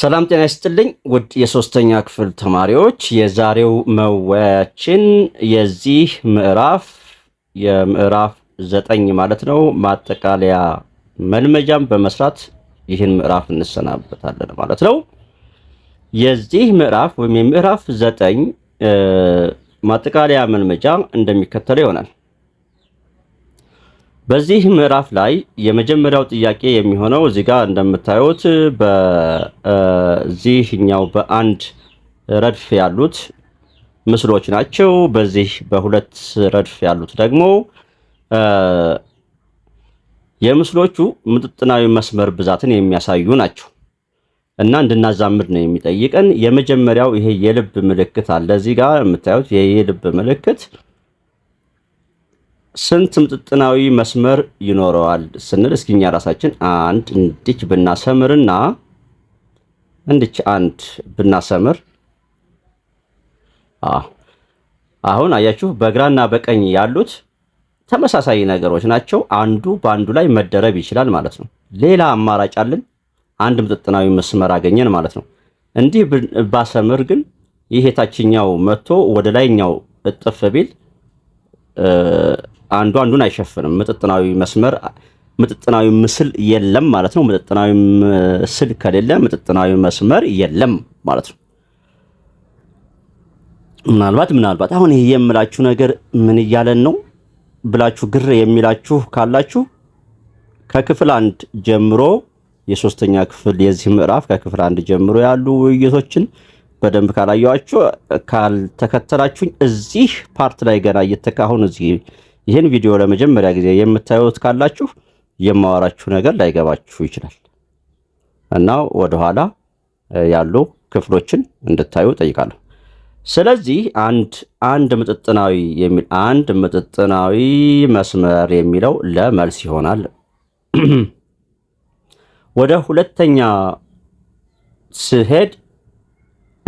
ሰላም ጤና ይስጥልኝ ውድ የሶስተኛ ክፍል ተማሪዎች፣ የዛሬው መወያያችን የዚህ ምዕራፍ የምዕራፍ ዘጠኝ ማለት ነው ማጠቃለያ መልመጃም በመስራት ይህን ምዕራፍ እንሰናበታለን ማለት ነው። የዚህ ምዕራፍ ወይም የምዕራፍ ዘጠኝ ማጠቃለያ መልመጃ እንደሚከተለው ይሆናል። በዚህ ምዕራፍ ላይ የመጀመሪያው ጥያቄ የሚሆነው እዚህ ጋር እንደምታዩት በዚህኛው በአንድ ረድፍ ያሉት ምስሎች ናቸው። በዚህ በሁለት ረድፍ ያሉት ደግሞ የምስሎቹ ምጥጥናዊ መስመር ብዛትን የሚያሳዩ ናቸው እና እንድናዛምድ ነው የሚጠይቀን። የመጀመሪያው ይሄ የልብ ምልክት አለ። እዚህ ጋር የምታዩት ይሄ የልብ ምልክት ስንት ምጥጥናዊ መስመር ይኖረዋል ስንል እስኪኛ ራሳችን አንድ እንዲች ብናሰምርና እንዲች አንድ ብናሰምር አሁን አያችሁ በግራና በቀኝ ያሉት ተመሳሳይ ነገሮች ናቸው። አንዱ በአንዱ ላይ መደረብ ይችላል ማለት ነው። ሌላ አማራጭ አለን። አንድ ምጥጥናዊ መስመር አገኘን ማለት ነው። እንዲህ ባሰምር ግን ይህ የታችኛው መጥቶ ወደ ላይኛው እጥፍ ቢል አንዱ አንዱን አይሸፍንም። ምጥጥናዊ መስመር ምጥጥናዊ ምስል የለም ማለት ነው። ምጥጥናዊ ምስል ከሌለ ምጥጥናዊ መስመር የለም ማለት ነው። ምናልባት ምናልባት አሁን ይሄ የምላችሁ ነገር ምን እያለን ነው ብላችሁ ግር የሚላችሁ ካላችሁ ከክፍል አንድ ጀምሮ የሶስተኛ ክፍል የዚህ ምዕራፍ ከክፍል አንድ ጀምሮ ያሉ ውይይቶችን በደንብ ካላየዋችሁ ካልተከተላችሁኝ እዚህ ፓርት ላይ ገና እየተካሁን እዚህ ይህን ቪዲዮ ለመጀመሪያ ጊዜ የምታዩት ካላችሁ የማወራችሁ ነገር ላይገባችሁ ይችላል እና ወደኋላ ያሉ ክፍሎችን እንድታዩ ጠይቃለሁ። ስለዚህ አንድ አንድ ምጥጥናዊ የሚል አንድ ምጥጥናዊ መስመር የሚለው ለመልስ ይሆናል። ወደ ሁለተኛ ስሄድ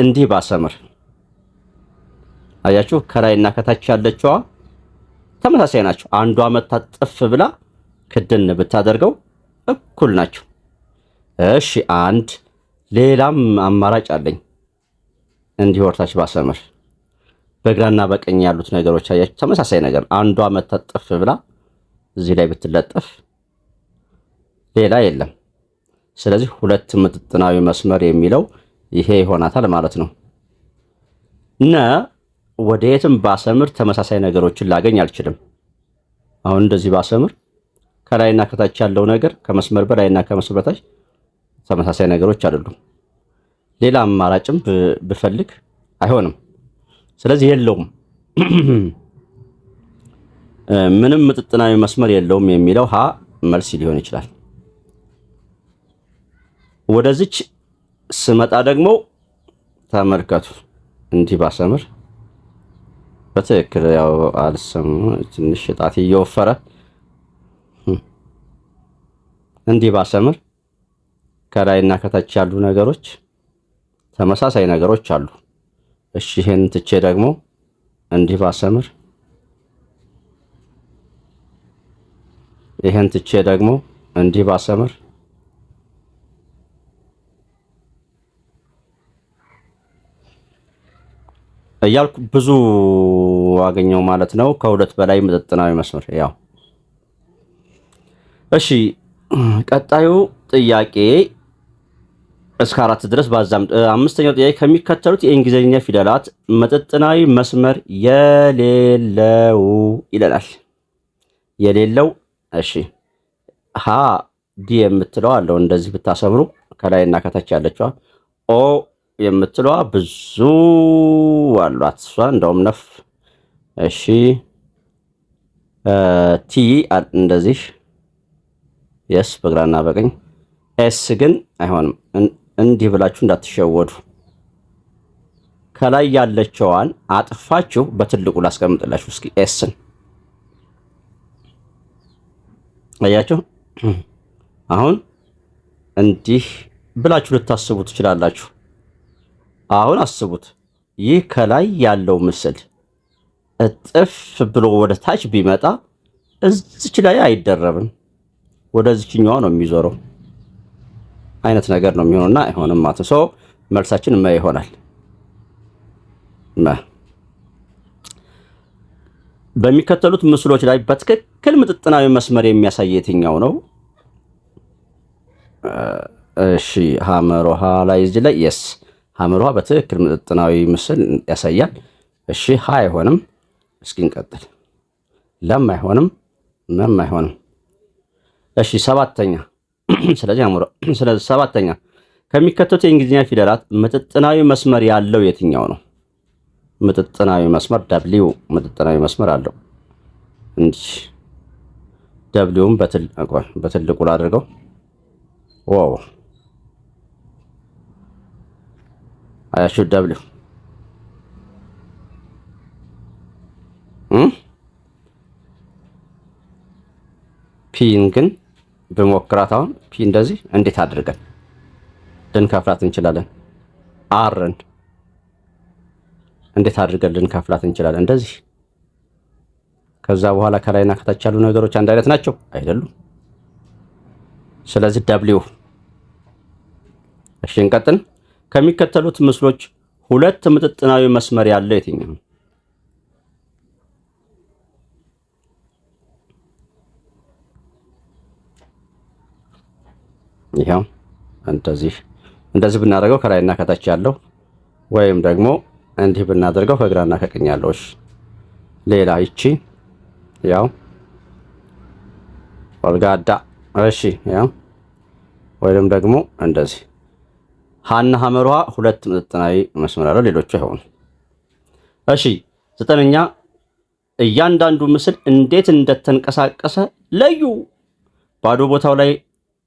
እንዲህ ባሰምር አያችሁ ከላይና ከታች ያለችዋ ተመሳሳይ ናቸው። አንዷ መታ ጥፍ ብላ ክድን ብታደርገው እኩል ናቸው። እሺ አንድ ሌላም አማራጭ አለኝ። እንዲህ ወርታች ባሰምር በግራና በቀኝ ያሉት ነገሮች አያችሁ፣ ተመሳሳይ ነገር። አንዷ መታ ጥፍ ብላ እዚህ ላይ ብትለጠፍ ሌላ የለም። ስለዚህ ሁለት ምጥጥናዊ መስመር የሚለው ይሄ ይሆናታል ማለት ነው ነ ወደ የትም ባሰምር ተመሳሳይ ነገሮችን ላገኝ አልችልም። አሁን እንደዚህ ባሰምር ከላይና ከታች ያለው ነገር ከመስመር በላይና ከመስመር በታች ተመሳሳይ ነገሮች አይደሉም። ሌላ አማራጭም ብፈልግ አይሆንም። ስለዚህ የለውም፣ ምንም ምጥጥናዊ መስመር የለውም የሚለው ሀ መልስ ሊሆን ይችላል። ወደዚች ስመጣ ደግሞ ተመልከቱ እንዲህ ባሰምር በትክክል ያው አልሰሙ ትንሽ ጣት እየወፈረ እንዲህ ባሰምር ከላይና ከታች ያሉ ነገሮች ተመሳሳይ ነገሮች አሉ። እሺ ይሄን ትቼ ደግሞ እንዲህ ባሰምር፣ ይሄን ትቼ ደግሞ እንዲህ ባሰምር እያልኩ ብዙ አገኘው ማለት ነው። ከሁለት በላይ መጠጥናዊ መስመር ያው እሺ። ቀጣዩ ጥያቄ እስከ አራት ድረስ ባዛም አምስተኛው ጥያቄ ከሚከተሉት የእንግሊዝኛ ፊደላት መጠጥናዊ መስመር የሌለው ይለናል። የሌለው እሺ፣ ሀ ዲ የምትለው አለው እንደዚህ ብታሰምሩ ከላይና ከታች ያለችዋ ኦ የምትለዋ ብዙ አሏት። እሷ እንደውም ነፍ እሺ፣ ቲ እንደዚህ የስ በግራና በቀኝ ኤስ ግን አይሆንም። እንዲህ ብላችሁ እንዳትሸወዱ። ከላይ ያለችዋን አጥፋችሁ በትልቁ ላስቀምጥላችሁ እስኪ ኤስን አያችሁ። አሁን እንዲህ ብላችሁ ልታስቡ ትችላላችሁ። አሁን አስቡት ይህ ከላይ ያለው ምስል እጥፍ ብሎ ወደ ታች ቢመጣ እዚች ላይ አይደረብም፣ ወደ ነው የሚዞረው አይነት ነገር ነው የሚሆነውና አይሆንም ማለት ነው። ሰው መልሳችን መ ይሆናል። መ በሚከተሉት ምስሎች ላይ በትክክል ምጥጥናዊ መስመር የሚያሳይ የትኛው ነው? እሺ ሀመሮሃ ላይ እዚህ ላይ የስ ሀምሯ በትክክል ምጥጥናዊ ምስል ያሳያል። እሺ ሀ አይሆንም። እስኪ እንቀጥል። ለም አይሆንም። መም አይሆንም። እሺ ሰባተኛ። ስለዚህ አምሮ ስለዚህ ሰባተኛ ከሚከተሉት የእንግሊዝኛ ፊደላት ምጥጥናዊ መስመር ያለው የትኛው ነው? ምጥጥናዊ መስመር ደብሊው ምጥጥናዊ መስመር አለው እንጂ ደብሊውም በትልቁ ላድርገው። ዋው I should ፒን ግን ብሞክራት አሁን ፒ እንደዚህ እንዴት አድርገን ልንከፍላት እንችላለን? አርን እንዴት አድርገን ልንከፍላት እንችላለን? እንደዚህ ከዛ በኋላ ከላይና ከታች ያሉ ነገሮች አንድ አይነት ናቸው አይደሉም? ስለዚህ ደብሊው እሺ፣ እንቀጥል። ከሚከተሉት ምስሎች ሁለት ምጥጥናዊ መስመር ያለ የትኛው ነው? ይኸው እንደዚህ እንደዚህ ብናደርገው ከላይና ከታች ያለው ወይም ደግሞ እንዲህ ብናደርገው ከግራና ከቀኝ ያለው። እሺ ሌላ ይቺ ያው ወልጋዳ። እሺ ያው ወይም ደግሞ እንደዚህ ሀና ሀመሯ ሁለት ምጥጥናዊ መስመር አለው። ሌሎቹ አይሆኑ። እሺ ዘጠነኛ እያንዳንዱ ምስል እንዴት እንደተንቀሳቀሰ ለዩ። ባዶ ቦታው ላይ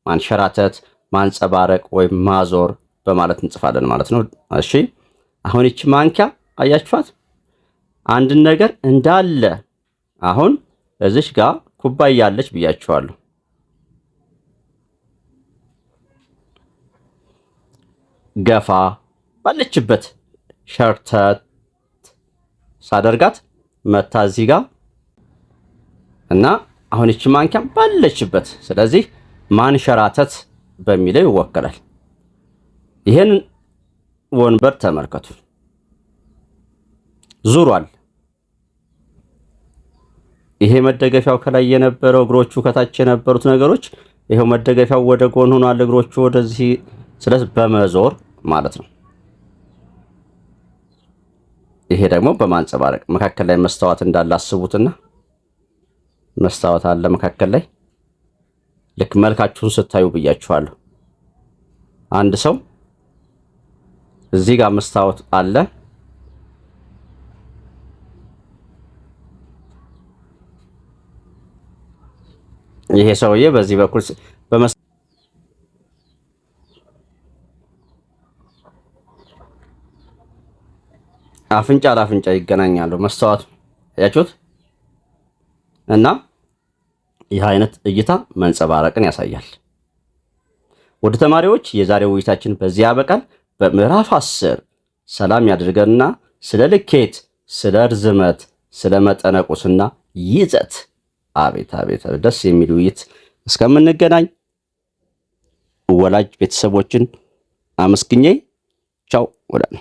ማንሸራተት፣ ማንጸባረቅ ወይም ማዞር በማለት እንጽፋለን ማለት ነው። እሺ አሁን ይቺ ማንኪያ አያችኋት? አንድን ነገር እንዳለ አሁን እዚሽ ጋር ኩባያ አለች ብያችኋለሁ። ገፋ ባለችበት ሸርተት ሳደርጋት መታ እዚህ ጋ እና አሁን ይቺ ማንኪያ ባለችበት፣ ስለዚህ ማንሸራተት በሚለው ይወከላል። ይህን ወንበር ተመልከቱ፣ ዙሯል። ይሄ መደገፊያው ከላይ የነበረው እግሮቹ ከታች የነበሩት ነገሮች ይሄው መደገፊያው ወደ ጎን ሆኗል። እግሮቹ ወደዚህ ስለዚህ በመዞር ማለት ነው። ይሄ ደግሞ በማንጸባረቅ መካከል ላይ መስታወት እንዳለ አስቡትና መስታወት አለ መካከል ላይ ልክ መልካችሁን ስታዩ ብያችኋለሁ። አንድ ሰው እዚህ ጋር መስታወት አለ። ይሄ ሰውዬ በዚህ በኩል አፍንጫ ለአፍንጫ ይገናኛሉ። መስተዋት ያችሁት እና ይህ አይነት እይታ መንጸባረቅን ያሳያል። ወደ ተማሪዎች የዛሬው ውይይታችን በዚህ ያበቃል። በምዕራፍ አስር ሰላም ያድርገንና ስለ ልኬት፣ ስለ ርዝመት፣ ስለ መጠነቁስና ይዘት አቤት አቤት ደስ የሚል ውይይት እስከምንገናኝ ወላጅ ቤተሰቦችን አመስግኜ ቻው ወዳነ